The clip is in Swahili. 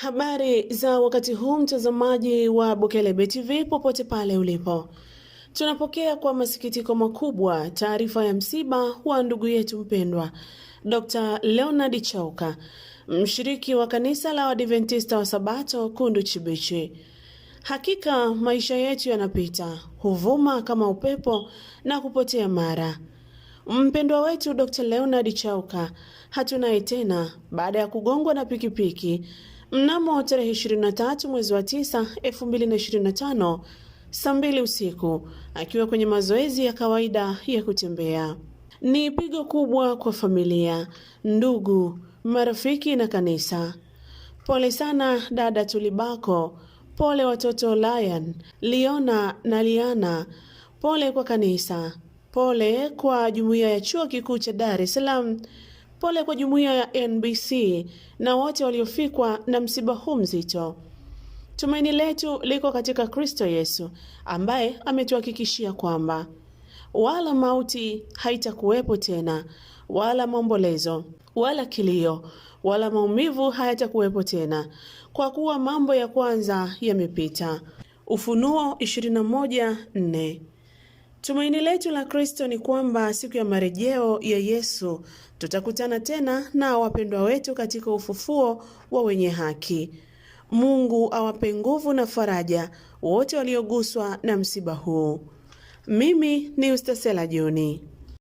Habari za wakati huu mtazamaji wa Bukelebe TV popote pale ulipo, tunapokea kwa masikitiko makubwa taarifa ya msiba wa ndugu yetu mpendwa Dr. Leonard Chauka, mshiriki wa kanisa la Waadventista wa Sabato Kundu Chibichi. Hakika maisha yetu yanapita, huvuma kama upepo na kupotea mara. Mpendwa wetu Dr. Leonard Chauka hatunaye tena baada ya kugongwa na pikipiki Mnamo tarehe 23 mwezi wa 9 2025 saa mbili usiku akiwa kwenye mazoezi ya kawaida ya kutembea. Ni pigo kubwa kwa familia, ndugu, marafiki na kanisa. Pole sana dada Tulibako, pole watoto Lion, Liona na Liana, pole kwa kanisa, pole kwa jumuiya ya Chuo Kikuu cha Dar es Salaam Pole kwa jumuiya ya NBC na wote waliofikwa na msiba huu mzito. Tumaini letu liko katika Kristo Yesu ambaye ametuhakikishia kwamba wala mauti haitakuwepo tena, wala maombolezo, wala kilio, wala maumivu hayatakuwepo tena, kwa kuwa mambo ya kwanza yamepita. Ufunuo 21:4. Tumaini letu la Kristo ni kwamba siku ya marejeo ya Yesu tutakutana tena na wapendwa wetu katika ufufuo wa wenye haki. Mungu awape nguvu na faraja wote walioguswa na msiba huu. Mimi ni Ustasela joni